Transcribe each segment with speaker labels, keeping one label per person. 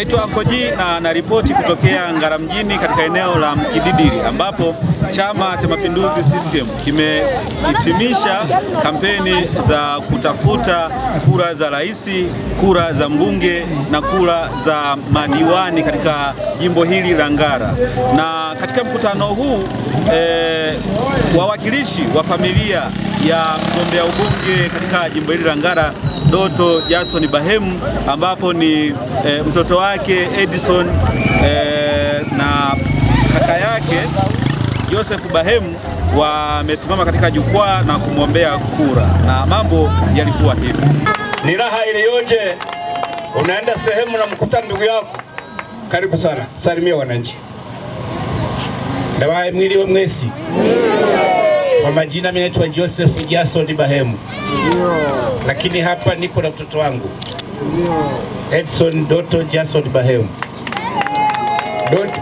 Speaker 1: Naitwa Koji na naripoti kutokea Ngara mjini katika eneo la Mkididiri ambapo Chama cha Mapinduzi CCM kimehitimisha kampeni za kutafuta kura za rais, kura za mbunge na kura za madiwani katika jimbo hili la Ngara. Na katika mkutano huu e, wawakilishi wa familia ya mgombea ubunge katika jimbo hili la Ngara Doto Jason Bahemu ambapo ni e, mtoto wake Edison e, na kaka yake Joseph Bahemu wamesimama katika jukwaa na kumwombea kura, na mambo yalikuwa hivi.
Speaker 2: Ni raha iliyoje! Unaenda sehemu na mkuta ndugu yako, karibu sana, salimia wananchi. mwili wa mwesi kwa majina mimi naitwa Joseph Jason Bahemu, lakini hapa niko na mtoto wangu Edson Doto Jason Bahemu. Doto,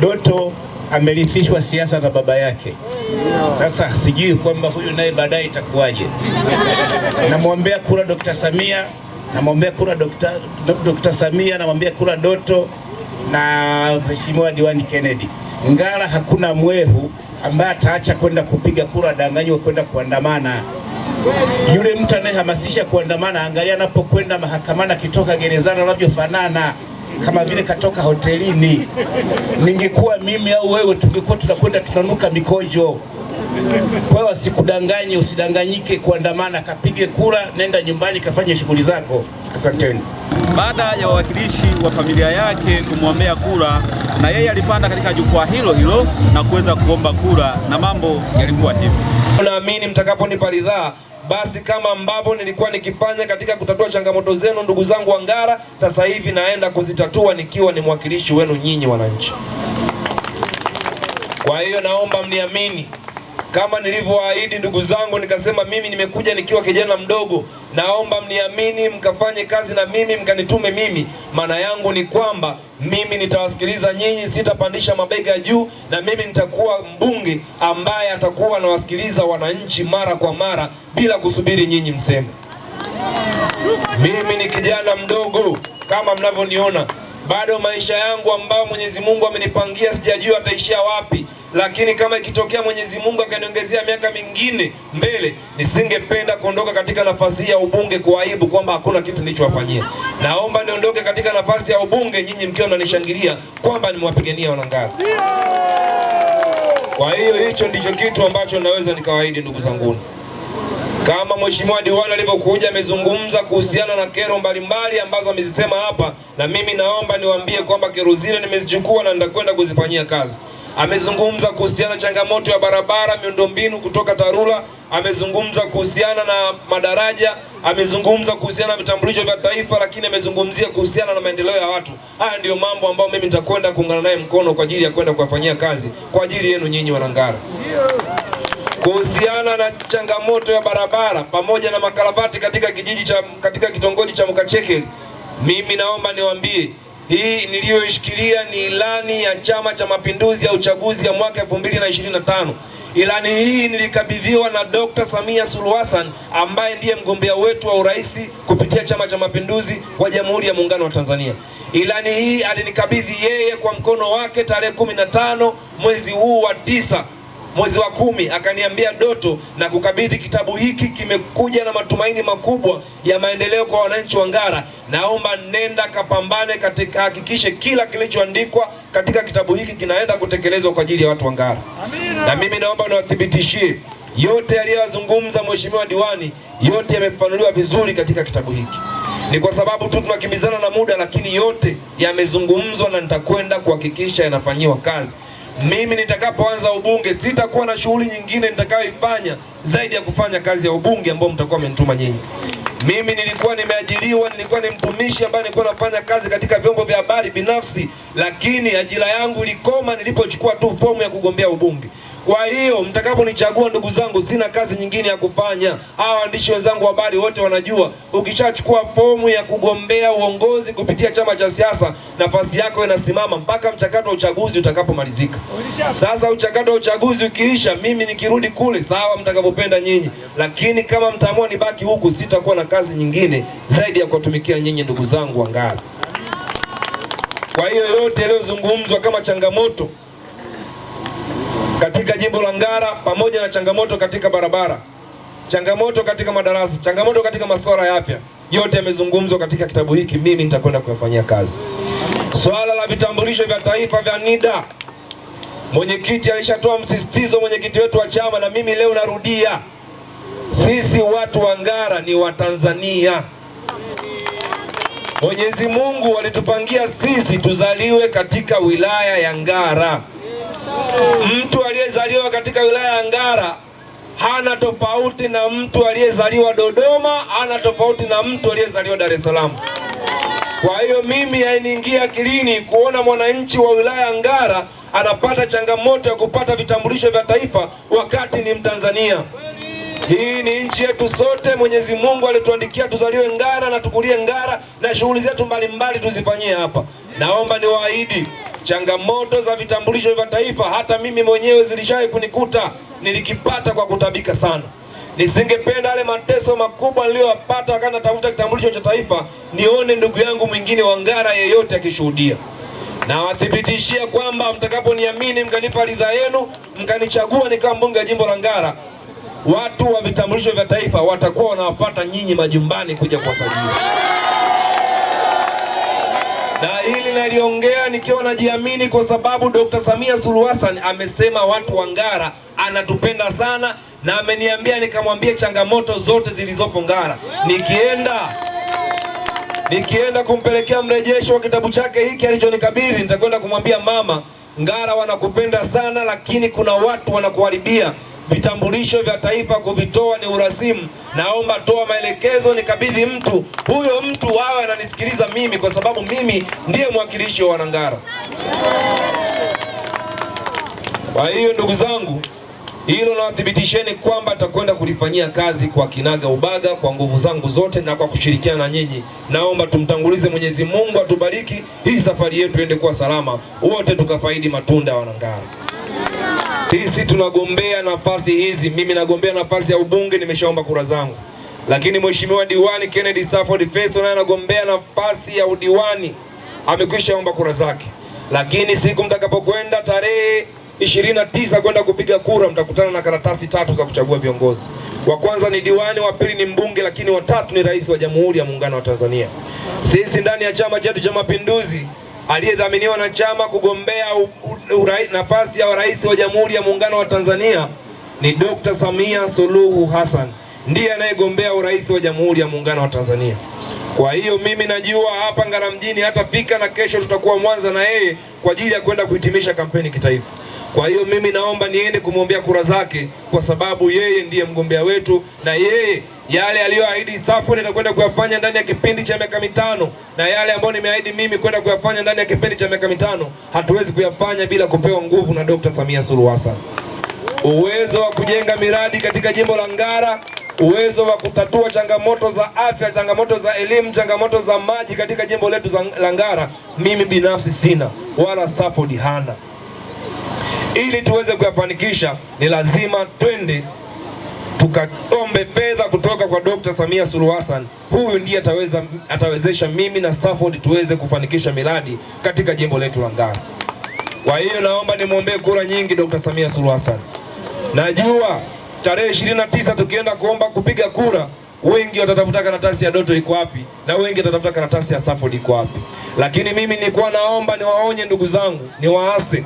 Speaker 2: Doto amerithishwa siasa na baba yake. Sasa sijui kwamba huyu naye baadaye itakuwaje. Namwombea kura Dr. Samia, namwombea kura Dr. Dr. Samia, namwombea kura Doto na Mheshimiwa Diwani Kennedy. Ngara hakuna mwehu ambaye ataacha kwenda kupiga kura adanganywe kwenda kuandamana. Yule mtu anayehamasisha kuandamana, angalia anapokwenda mahakamani, akitoka gerezani anavyofanana kama vile katoka hotelini. Ningekuwa mimi au wewe, tungekuwa tunakwenda tunanuka mikojo. Kwa hiyo asikudanganye, usidanganyike kuandamana, kapige kura, nenda nyumbani, kafanye shughuli zako. Asanteni.
Speaker 1: Baada ya wawakilishi wa familia yake kumwombea kura, na yeye alipanda katika jukwaa hilo hilo na kuweza kuomba kura, na mambo yalikuwa hivyo. Naamini mtakaponipa ridhaa basi kama ambavyo nilikuwa nikifanya katika kutatua changamoto zenu, ndugu zangu wa Ngara, sasa hivi naenda kuzitatua nikiwa ni mwakilishi wenu nyinyi wananchi. Kwa hiyo naomba mniamini, kama nilivyoahidi ndugu zangu, nikasema mimi nimekuja nikiwa kijana mdogo, naomba mniamini, mkafanye kazi na mimi, mkanitume mimi. Maana yangu ni kwamba mimi nitawasikiliza nyinyi, sitapandisha mabega juu, na mimi nitakuwa mbunge ambaye atakuwa anawasikiliza wananchi mara kwa mara bila kusubiri nyinyi mseme. Mimi ni kijana mdogo kama mnavyoniona, bado maisha yangu ambayo Mwenyezi Mungu amenipangia sijajua ataishia wapi lakini kama ikitokea Mwenyezi Mungu akaniongezea miaka mingine mbele, nisingependa kuondoka katika nafasi ya ubunge kwa aibu kwamba hakuna kitu nilichowafanyia. Naomba niondoke katika nafasi ya ubunge nyinyi mkiwa mnanishangilia kwamba nimewapigania Wanangara. Kwa hiyo hicho ndicho kitu ambacho naweza nikawaahidi ndugu zangu Kama mheshimiwa diwani alivyokuja amezungumza kuhusiana na kero mbalimbali ambazo amezisema hapa, na mimi naomba niwaambie kwamba kero zile nimezichukua na nitakwenda kuzifanyia kazi amezungumza kuhusiana na changamoto ya barabara, miundombinu kutoka TARURA, amezungumza kuhusiana na madaraja, amezungumza kuhusiana na vitambulisho vya taifa, lakini amezungumzia kuhusiana na maendeleo ya watu. Haya ndiyo mambo ambayo mimi nitakwenda kuungana naye mkono kwa ajili ya kwenda kuwafanyia kazi kwa ajili yenu nyinyi Wanangara. Kuhusiana na changamoto ya barabara pamoja na makaravati katika kijiji cha katika kitongoji cha Mkachekeli, mimi naomba niwaambie hii niliyoishikilia ni ilani ya Chama cha Mapinduzi ya uchaguzi ya mwaka 2025. Ilani hii nilikabidhiwa na Dr. Samia Suluhu Hassan ambaye ndiye mgombea wetu wa urais kupitia Chama cha Mapinduzi wa Jamhuri ya Muungano wa Tanzania. Ilani hii alinikabidhi yeye kwa mkono wake tarehe 15 mwezi huu wa tisa mwezi wa kumi akaniambia Doto, na kukabidhi kitabu hiki, kimekuja na matumaini makubwa ya maendeleo kwa wananchi wa Ngara. Naomba nenda kapambane katika, hakikishe kila kilichoandikwa katika kitabu hiki kinaenda kutekelezwa kwa ajili ya watu wa Ngara. Na mimi naomba niwathibitishie yote yaliyozungumza mheshimiwa diwani, yote yamefanuliwa vizuri katika kitabu hiki. Ni kwa sababu tu tunakimbizana na muda, lakini yote yamezungumzwa na nitakwenda kuhakikisha yanafanyiwa kazi mimi nitakapoanza ubunge sitakuwa na shughuli nyingine nitakayoifanya zaidi ya kufanya kazi ya ubunge ambao mtakuwa mmenituma nyinyi. Mimi nilikuwa nimeajiriwa, nilikuwa ni mtumishi ambaye nilikuwa nafanya kazi katika vyombo vya habari binafsi, lakini ajira yangu ilikoma nilipochukua tu fomu ya kugombea ubunge. Kwa hiyo mtakaponichagua, ndugu zangu, sina kazi nyingine ya kufanya. Hawa waandishi wenzangu wa habari wote wanajua, ukishachukua fomu ya kugombea uongozi kupitia chama cha siasa, nafasi yako inasimama mpaka mchakato wa uchaguzi utakapomalizika. Sasa mchakato wa uchaguzi ukiisha, mimi nikirudi kule, sawa, mtakapopenda nyinyi, lakini kama mtaamua nibaki huku, sitakuwa na kazi nyingine zaidi ya kuwatumikia nyinyi, ndugu zangu Wangara. Kwa hiyo yote yaliyozungumzwa kama changamoto katika jimbo la Ngara, pamoja na changamoto katika barabara, changamoto katika madarasa, changamoto katika masuala ya afya, yote yamezungumzwa katika kitabu hiki. Mimi nitakwenda kuyafanyia kazi. Swala la vitambulisho vya taifa vya NIDA, mwenyekiti alishatoa msisitizo, mwenyekiti wetu wa chama, na mimi leo narudia, sisi watu wa Ngara ni Watanzania. Mwenyezi Mungu alitupangia sisi tuzaliwe katika wilaya ya Ngara. Mtu aliyezaliwa katika wilaya ya Ngara hana tofauti na mtu aliyezaliwa Dodoma, hana tofauti na mtu aliyezaliwa Dar es Salaam. Kwa hiyo mimi hainiingia kilini kuona mwananchi wa wilaya ya Ngara anapata changamoto ya kupata vitambulisho vya taifa wakati ni Mtanzania. Hii ni nchi yetu sote. Mwenyezi Mungu alituandikia tuzaliwe Ngara na tukulie Ngara, na shughuli zetu mbalimbali tuzifanyie hapa. Naomba niwaahidi Changamoto za vitambulisho vya taifa hata mimi mwenyewe zilishawahi kunikuta, nilikipata kwa kutabika sana. Nisingependa yale mateso makubwa niliyoyapata wakati natafuta kitambulisho cha taifa, nione ndugu yangu mwingine wa Ngara yeyote akishuhudia. Nawathibitishia kwamba mtakaponiamini, mkanipa ridhaa yenu, mkanichagua nikawa mbunge wa jimbo la Ngara, watu wa vitambulisho vya taifa watakuwa wanawafuata nyinyi majumbani kuja kuwasajili na hili naliongea nikiwa najiamini kwa sababu Dr. Samia Suluhu Hassan amesema watu wa Ngara anatupenda sana, na ameniambia nikamwambie changamoto zote zilizopo Ngara. Nikienda nikienda kumpelekea mrejesho wa kitabu chake hiki alichonikabidhi, nitakwenda kumwambia mama, Ngara wanakupenda sana, lakini kuna watu wanakuharibia vitambulisho vya taifa kuvitoa ni urasimu. Naomba toa maelekezo, nikabidhi mtu huyo, mtu wawe ananisikiliza mimi, kwa sababu mimi ndiye mwakilishi wa Wanangara. Kwa hiyo ndugu zangu, hilo nawathibitisheni kwamba atakwenda kulifanyia kazi kwa kinaga ubaga, kwa nguvu zangu zote na kwa kushirikiana na nyinyi. Naomba tumtangulize Mwenyezi Mungu atubariki, hii safari yetu iende kuwa salama, wote tukafaidi matunda ya Wanangara. Sisi tunagombea nafasi hizi, mimi nagombea nafasi ya ubunge, nimeshaomba kura zangu, lakini mheshimiwa diwani Kennedy Stafford Festo naye anagombea nafasi ya udiwani, amekwishaomba kura zake. Lakini siku mtakapokwenda tarehe ishirini na tisa kwenda kupiga kura, mtakutana na karatasi tatu za kuchagua viongozi. Wa kwanza ni diwani, wa pili ni mbunge, lakini watatu ni rais wa Jamhuri ya Muungano wa Tanzania. Sisi ndani ya chama chetu cha Mapinduzi aliyedhaminiwa na chama kugombea nafasi ya rais wa Jamhuri ya Muungano wa Tanzania ni Dr. Samia Suluhu Hassan, ndiye anayegombea urais wa Jamhuri ya Muungano wa Tanzania. Kwa hiyo mimi najua hapa Ngara mjini hata pika na kesho tutakuwa Mwanza na yeye kwa ajili ya kwenda kuhitimisha kampeni kitaifa. Kwa hiyo mimi naomba niende kumwombea kura zake, kwa sababu yeye ndiye mgombea wetu na yeye yale aliyoahidi Safari nakwenda kwenda kuyafanya ndani ya kipindi cha miaka mitano na yale ambayo nimeahidi mimi kwenda kuyafanya ndani ya kipindi cha miaka mitano, hatuwezi kuyafanya bila kupewa nguvu na Dr. Samia Suluhu Hassan. Uwezo wa kujenga miradi katika jimbo la Ngara, uwezo wa kutatua changamoto za afya, changamoto za elimu, changamoto za maji katika jimbo letu la Ngara, mimi binafsi sina wala Safari hana. Ili tuweze kuyafanikisha, ni lazima twende tukaombe fedha kutoka kwa Dr. Samia Suluhu Hassan. Huyu ndiye ataweza, atawezesha mimi na Stafford tuweze kufanikisha miradi katika jimbo letu la Ngara. Kwa hiyo naomba nimwombee kura nyingi Dr. Samia Suluhu Hassan. Najua tarehe 29 tukienda kuomba kupiga kura wengi watatafuta karatasi ya Doto iko wapi, na wengi watatafuta karatasi ya Stafford iko wapi. Lakini mimi nilikuwa naomba niwaonye ndugu zangu, niwaase,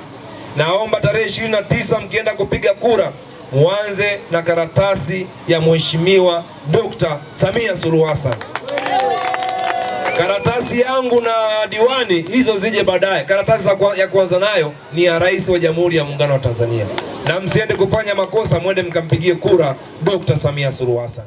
Speaker 1: naomba tarehe 29 mkienda kupiga kura muanze na karatasi ya Mheshimiwa Dr. Samia Suluhu Hassan. Karatasi yangu na diwani hizo zije baadaye. Karatasi ya kwanza nayo ni ya Rais wa Jamhuri ya Muungano wa Tanzania, na msiende kufanya makosa, mwende mkampigie kura Dr. Samia Suluhu Hassan.